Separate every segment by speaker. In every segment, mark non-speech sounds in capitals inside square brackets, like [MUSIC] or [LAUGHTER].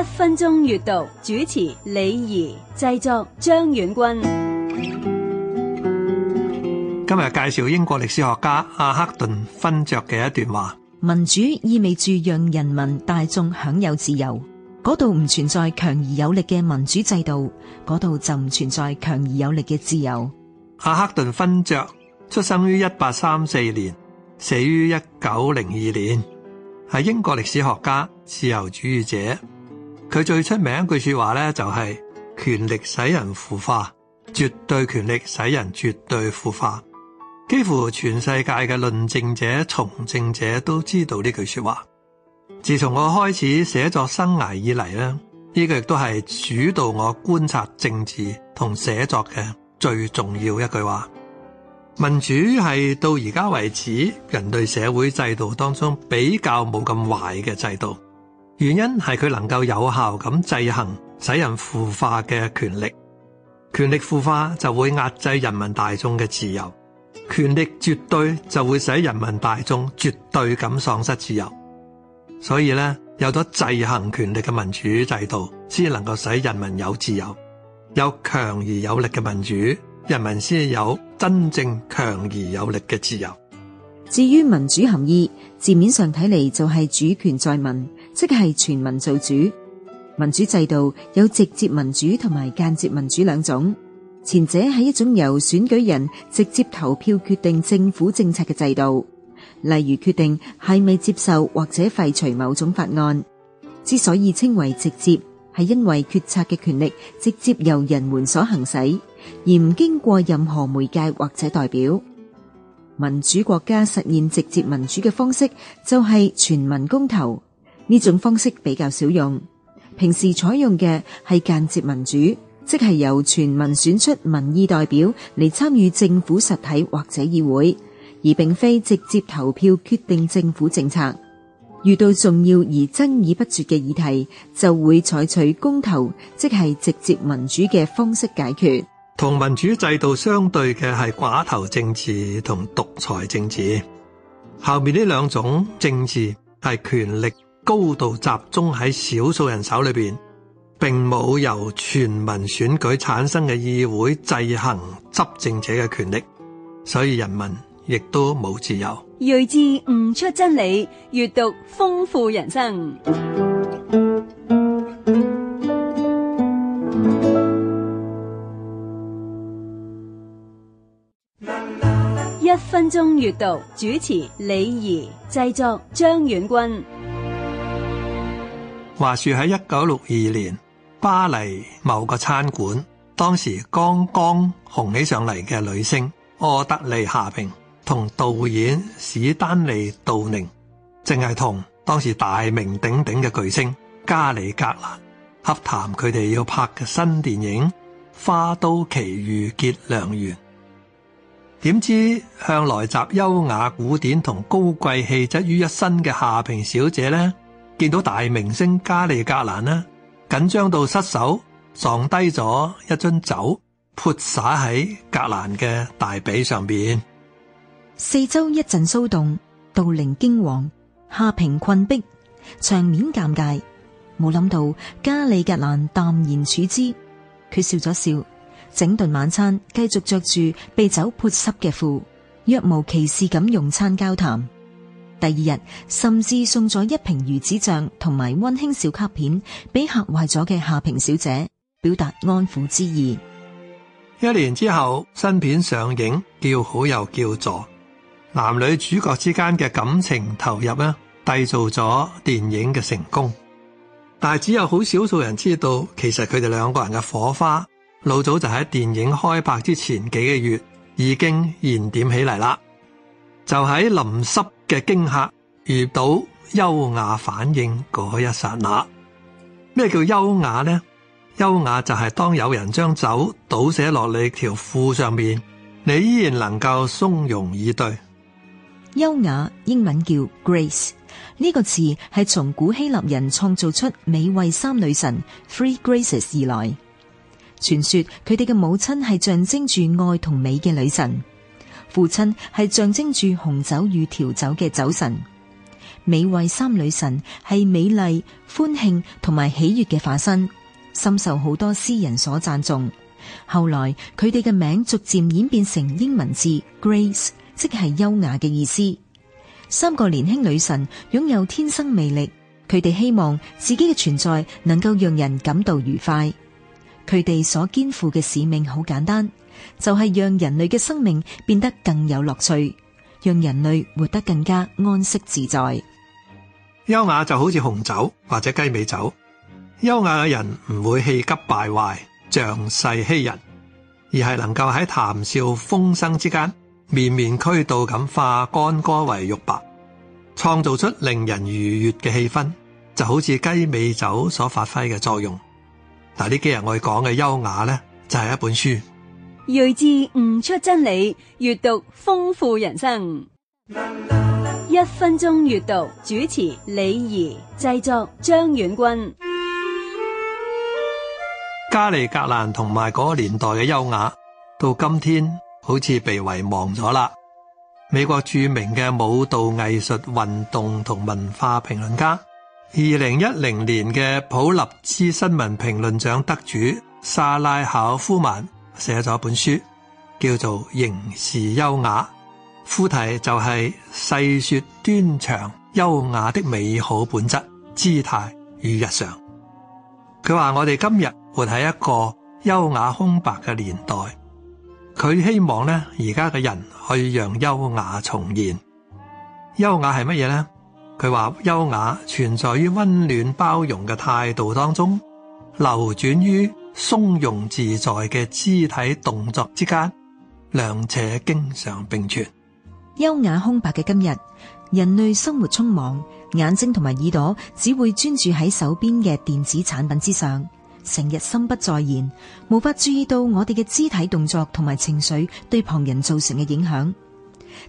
Speaker 1: 一分鐘閱讀主持李儀，製作張遠軍。
Speaker 2: 今日介紹英國歷史學家阿克頓勳爵嘅一段話：
Speaker 3: 民主意味住讓人民大眾享有自由，嗰度唔存在強而有力嘅民主制度，嗰度就唔存在強而有力嘅自由。
Speaker 2: 阿克頓勳爵出生於一八三四年，死於一九零二年，係英國歷史學家、自由主義者。佢最出名一句說話咧，就是，就係權力使人腐化，絕對權力使人絕對腐化。幾乎全世界嘅論政者、從政者都知道呢句說話。自從我開始寫作生涯以嚟咧，呢、這個亦都係主導我觀察政治同寫作嘅最重要一句話。民主係到而家為止，人類社會制度當中比較冇咁壞嘅制度。原因係佢能夠有效咁制衡使人腐化嘅權力。權力腐化就會壓制人民大眾嘅自由。權力絕對就會使人民大眾絕對咁喪失自由。所以咧，有咗制衡權力嘅民主制度，先能夠使人民有自由。有強而有力嘅民主，人民先有真正強而有力嘅自由。
Speaker 3: 至於民主含義，字面上睇嚟就係主權在民。即係全民做主，民主制度有直接民主同埋間接民主兩種。前者係一種由選舉人直接投票決定政府政策嘅制度，例如決定係咪接受或者廢除某種法案。之所以稱為直接，係因為決策嘅權力直接由人們所行使，而唔經過任何媒介或者代表。民主國家實現直接民主嘅方式就係全民公投。呢種方式比較少用，平時採用嘅係間接民主，即係由全民選出民意代表嚟參與政府實體或者議會，而並非直接投票決定政府政策。遇到重要而爭議不絕嘅議題，就會採取公投，即係直接民主嘅方式解
Speaker 2: 決。同民主制度相對嘅係寡頭政治同獨裁政治，後面呢兩種政治係權力。高度集中喺少數人手裏邊，並冇由全民選舉產生嘅議會制衡執政者嘅權力，所以人民亦都冇自由。
Speaker 1: 睿智悟出真理，閱讀豐富人生。 [MUSIC] 一分鐘閱讀，主持李怡，製作張遠軍。
Speaker 2: 話說喺一九六二年，巴黎某個餐館，當時剛剛紅起上嚟嘅女星奧德利夏萍同導演史丹利·杜寧，正係同當時大名鼎鼎嘅巨星加里·格蘭洽談佢哋要拍嘅新電影《花都奇遇結良緣》。點知向來集優雅古典同高貴氣質於一身嘅夏萍小姐呢，見到大明星加利格蘭呢，緊張到失手撞低咗一樽酒，潑灑喺格蘭嘅大髀上邊。
Speaker 3: 四周一陣騷動，道靈驚惶，下平困逼，場面尷尬。冇諗到加利格蘭淡然處之，佢笑咗笑，整頓晚餐繼續着住被酒潑濕嘅褲，若無其事咁用餐交談。第二日，甚至送咗一瓶魚子醬同埋温馨小卡片俾吓壞咗嘅夏萍小姐，表達安撫之意。
Speaker 2: 一年之後，新片上映，叫好又叫座，男女主角之間嘅感情投入呢，締造咗電影嘅成功。但係只有好少數人知道，其實佢哋兩個人嘅火花，老早就喺電影開拍之前幾個月已經燃點起嚟啦。就喺淋濕。嘅驚嚇遇到優雅反應嗰一剎那，咩叫優雅呢？優雅就係當有人將酒倒瀉落你條褲上面，你依然能夠從容以對。
Speaker 3: 優雅英文叫 grace，呢個詞係從古希臘人創造出美惠三女神 three graces 而來。傳說佢哋嘅母親係象徵住愛同美嘅女神。父親係象徵住紅酒與調酒嘅酒神，美惠三女神係美麗、歡慶同埋喜悦嘅化身，深受好多詩人所讚頌。後來佢哋嘅名逐漸演變成英文字 Grace，即係優雅嘅意思。三個年輕女神擁有天生魅力，佢哋希望自己嘅存在能夠讓人感到愉快。佢哋所肩負嘅使命好簡單。就係讓人類嘅生命變得更有樂趣，讓人類活得更加安適自在。
Speaker 2: 優雅就好似紅酒或者雞尾酒，優雅嘅人唔會氣急敗壞、仗勢欺人，而係能夠喺談笑風生之間面面俱到咁化干戈為玉帛，創造出令人愉悦嘅氣氛，就好似雞尾酒所發揮嘅作用。嗱，呢幾日我講嘅優雅呢，就係、是、一本書。
Speaker 1: 睿智悟出真理，閱讀豐富人生。一分鐘閱讀主持李儀，製作張遠軍。
Speaker 2: 加利格蘭同埋嗰個年代嘅優雅，到今天好似被遺忘咗啦。美國著名嘅舞蹈藝術運動同文化評論家，二零一零年嘅普立茲新聞評論獎得主莎拉考夫曼。寫咗一本書，叫做《凝視優雅》，副題就係細說端詳優雅的美好本質、姿態與日常。佢話我哋今日活喺一個優雅空白嘅年代，佢希望咧而家嘅人可以讓優雅重現。優雅係乜嘢咧？佢話優雅存在於温暖包容嘅態度當中，流轉於松容自在嘅肢體動作之間，兩者經常並存。
Speaker 3: 優雅空白嘅今日，人類生活匆忙，眼睛同埋耳朵只會專注喺手邊嘅電子產品之上，成日心不在焉，無法注意到我哋嘅肢體動作同埋情緒對旁人造成嘅影響。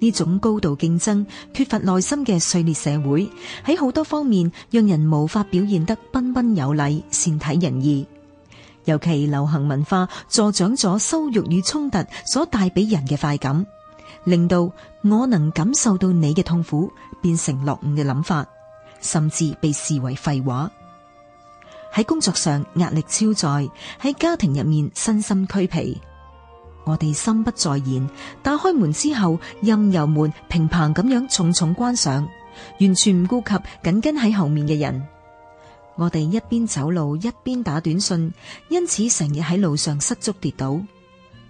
Speaker 3: 呢種高度競爭、缺乏內心嘅碎裂社會，喺好多方面讓人無法表現得彬彬有禮、善體人意。尤其流行文化助長咗羞辱與衝突所帶俾人嘅快感，令到我能感受到你嘅痛苦變成落伍嘅諗法，甚至被視為廢話。喺工作上壓力超載，喺家庭入面身心俱疲，我哋心不在焉，打開門之後任由門平平咁樣重重關上，完全唔顧及緊跟喺後面嘅人。我哋一邊走路一邊打短信，因此成日喺路上失足跌倒。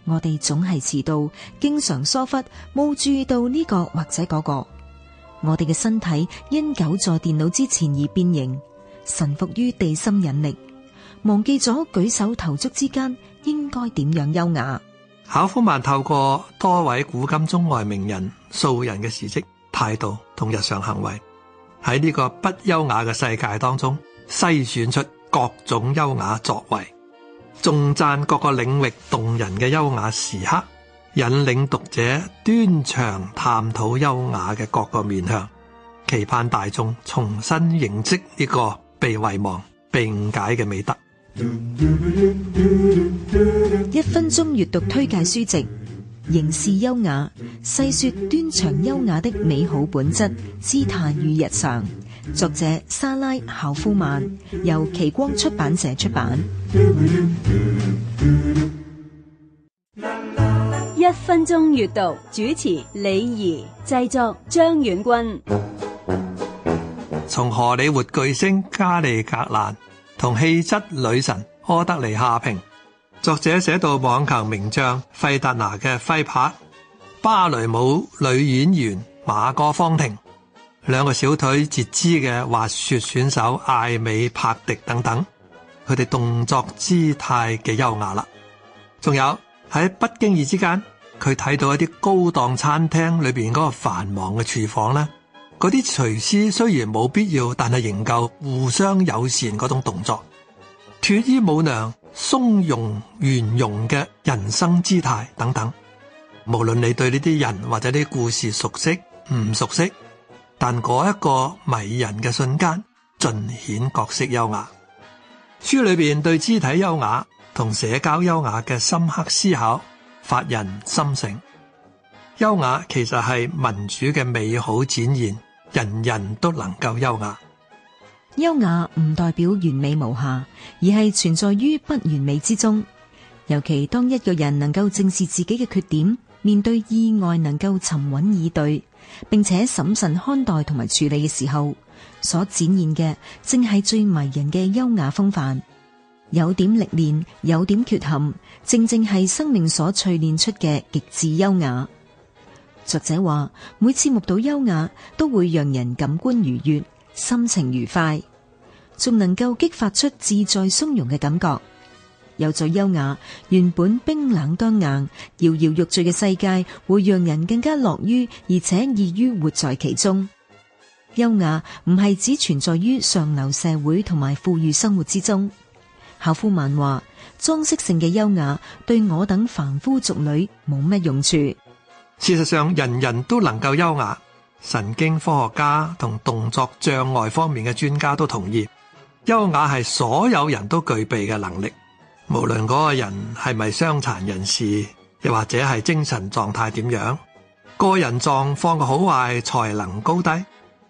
Speaker 3: 我哋總係遲到，經常疏忽，冇注意到呢個或者嗰個。我哋嘅身體因久在電腦之前而變形，臣服於地心引力，忘記咗舉手投足之間應該點樣
Speaker 2: 優雅。考夫曼透過多位古今中外名人、素人嘅事跡、態度同日常行為，喺呢個不優雅嘅世界當中，篩選出各種優雅作為，重贊各個領域動人嘅優雅時刻，引領讀者端詳探討優雅嘅各個面向，期盼大眾重新認識呢個被遺忘並解嘅美德。
Speaker 3: 一分鐘閱讀推介書籍，凝視優雅，細說端詳優雅的美好本質，姿態與日常。作者莎拉·考夫曼，
Speaker 1: 由奇光出版
Speaker 3: 社出版。一
Speaker 1: 分鐘閱讀主持李怡，製作張遠軍。
Speaker 2: 從 [NOISE] 荷里活巨星加利·格蘭同氣質女神柯德莉夏萍，作者寫到網球名將費達拿嘅揮拍，芭蕾舞女演員馬哥方婷。兩個小腿截肢嘅滑雪選手艾美帕迪等等，佢哋動作姿態嘅優雅啦。仲有喺不經意之間，佢睇到一啲高檔餐廳裏邊嗰個繁忙嘅廚房啦。嗰啲廚師雖然冇必要，但係仍舊互相友善嗰種動作。脫衣舞娘從容圓融嘅人生姿態等等。無論你對呢啲人或者啲故事熟悉唔熟悉，但嗰一個迷人嘅瞬間，盡顯角色優雅。書裏邊對肢體優雅同社交優雅嘅深刻思考，發人深省。優雅其實係民主嘅美好展現，人人都能夠優雅。
Speaker 3: 優雅唔代表完美無瑕，而係存在於不完美之中。尤其當一個人能夠正視自己嘅缺點，面對意外能夠沉穩以對。並且審慎看待同埋處理嘅時候，所展現嘅正係最迷人嘅優雅風範。有點歷練，有點缺陷，正正係生命所淬煉出嘅極致優雅。作者話：每次目睹優雅，都會讓人感官愉悅、心情愉快，仲能夠激發出自在鬆容嘅感覺。又再優雅，原本冰冷乾硬、搖搖欲墜嘅世界，會讓人更加樂於而且易於活在其中。優雅唔係只存在於上流社會同埋富裕生活之中。考夫曼話：裝飾性嘅優雅對我等凡夫俗女冇乜用處。
Speaker 2: 事實上，人人都能夠優雅。神經科學家同動作障礙方面嘅專家都同意，優雅係所有人都具備嘅能力。無論嗰個人係咪傷殘人士，又或者係精神狀態點樣，個人狀況嘅好壞、才能高低，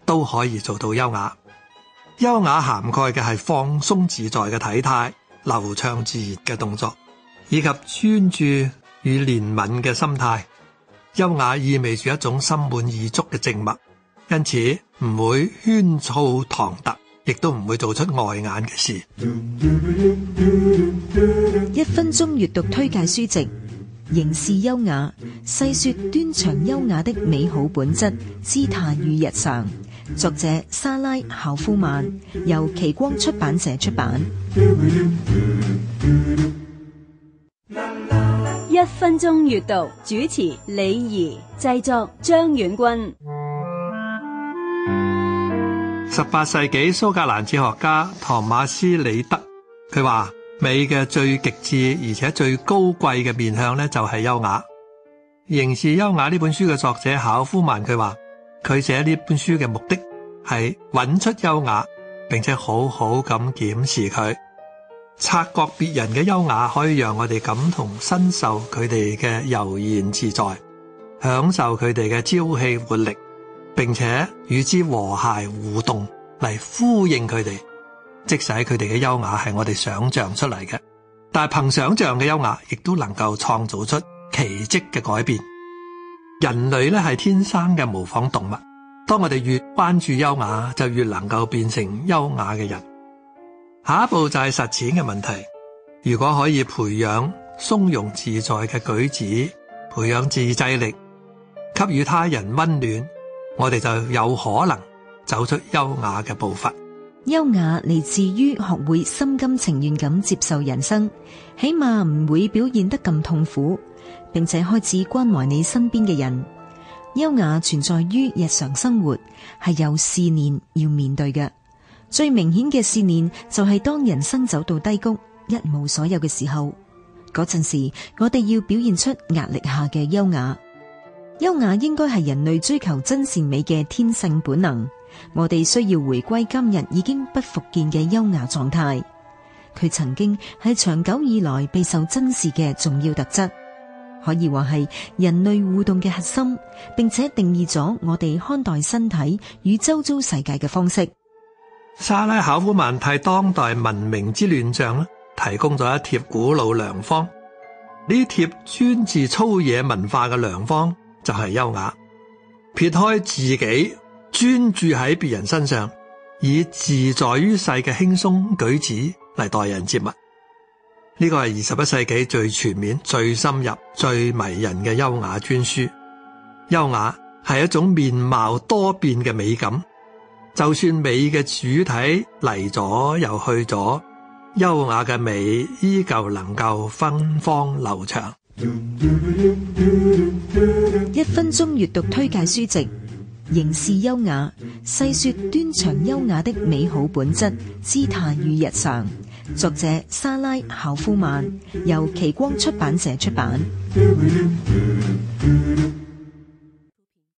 Speaker 2: 都可以做到優雅。優雅涵蓋嘅係放鬆自在嘅體態、流暢自然嘅動作，以及專注與憐憫嘅心態。優雅意味住一種心滿意足嘅靜默，因此唔會喧噪唐突。亦都唔會做出礙眼嘅事。
Speaker 3: 一分鐘閱讀推介書籍，凝視優雅，細說端詳優雅的美好本質、姿態與日常。作者莎拉·考夫曼，由奇光出版社出版。
Speaker 1: [NOISE] [NOISE] 一分鐘閱讀，主持李儀，製作張遠軍。 [NOISE]
Speaker 2: 十八世紀蘇格蘭哲學家唐馬斯里德，佢話美嘅最極致而且最高貴嘅面向呢，就係優雅。凝視優雅呢本書嘅作者考夫曼，佢話佢寫呢本書嘅目的係揾出優雅，並且好好咁檢視佢，察覺別人嘅優雅可以讓我哋感同身受佢哋嘅悠然自在，享受佢哋嘅朝氣活力。並且與之和諧互動嚟呼應佢哋，即使佢哋嘅優雅係我哋想象出嚟嘅，但係憑想象嘅優雅，亦都能夠創造出奇蹟嘅改變。人類咧係天生嘅模仿動物，當我哋越關注優雅，就越能夠變成優雅嘅人。下一步就係實踐嘅問題。如果可以培養鬆容自在嘅舉止，培養自制力，給予他人溫暖。我哋就有可能走出優雅嘅步伐。
Speaker 3: 優雅嚟自於學會心甘情願咁接受人生，起碼唔會表現得咁痛苦，並且開始關懷你身邊嘅人。優雅存在於日常生活，係有試煉要面對嘅。最明顯嘅試煉就係當人生走到低谷、一無所有嘅時候，嗰陣時我哋要表現出壓力下嘅優雅。優雅應該係人類追求真善美嘅天性本能，我哋需要回歸今日已經不復見嘅優雅狀態。佢曾經係長久以來備受珍視嘅重要特質，可以話係人類互動嘅核心，並且定義咗我哋看待身體與周遭世界嘅方式。
Speaker 2: 莎拉考夫曼替當代文明之亂象啦，提供咗一帖古老良方。呢帖專治粗野文化嘅良方，就係優雅，撇開自己，專注喺別人身上，以自在於世嘅輕鬆舉止嚟待人接物。呢個係二十一世紀最全面、最深入、最迷人嘅優雅專書。優雅係一種面貌多變嘅美感，就算美嘅主體嚟咗又去咗，優雅嘅美依舊能夠芬芳流長。
Speaker 3: 一分鐘閱讀推介書籍，凝視優雅，細說端詳優雅的美好本質，姿態與日常。作者莎拉考夫曼，由奇光出版社出版。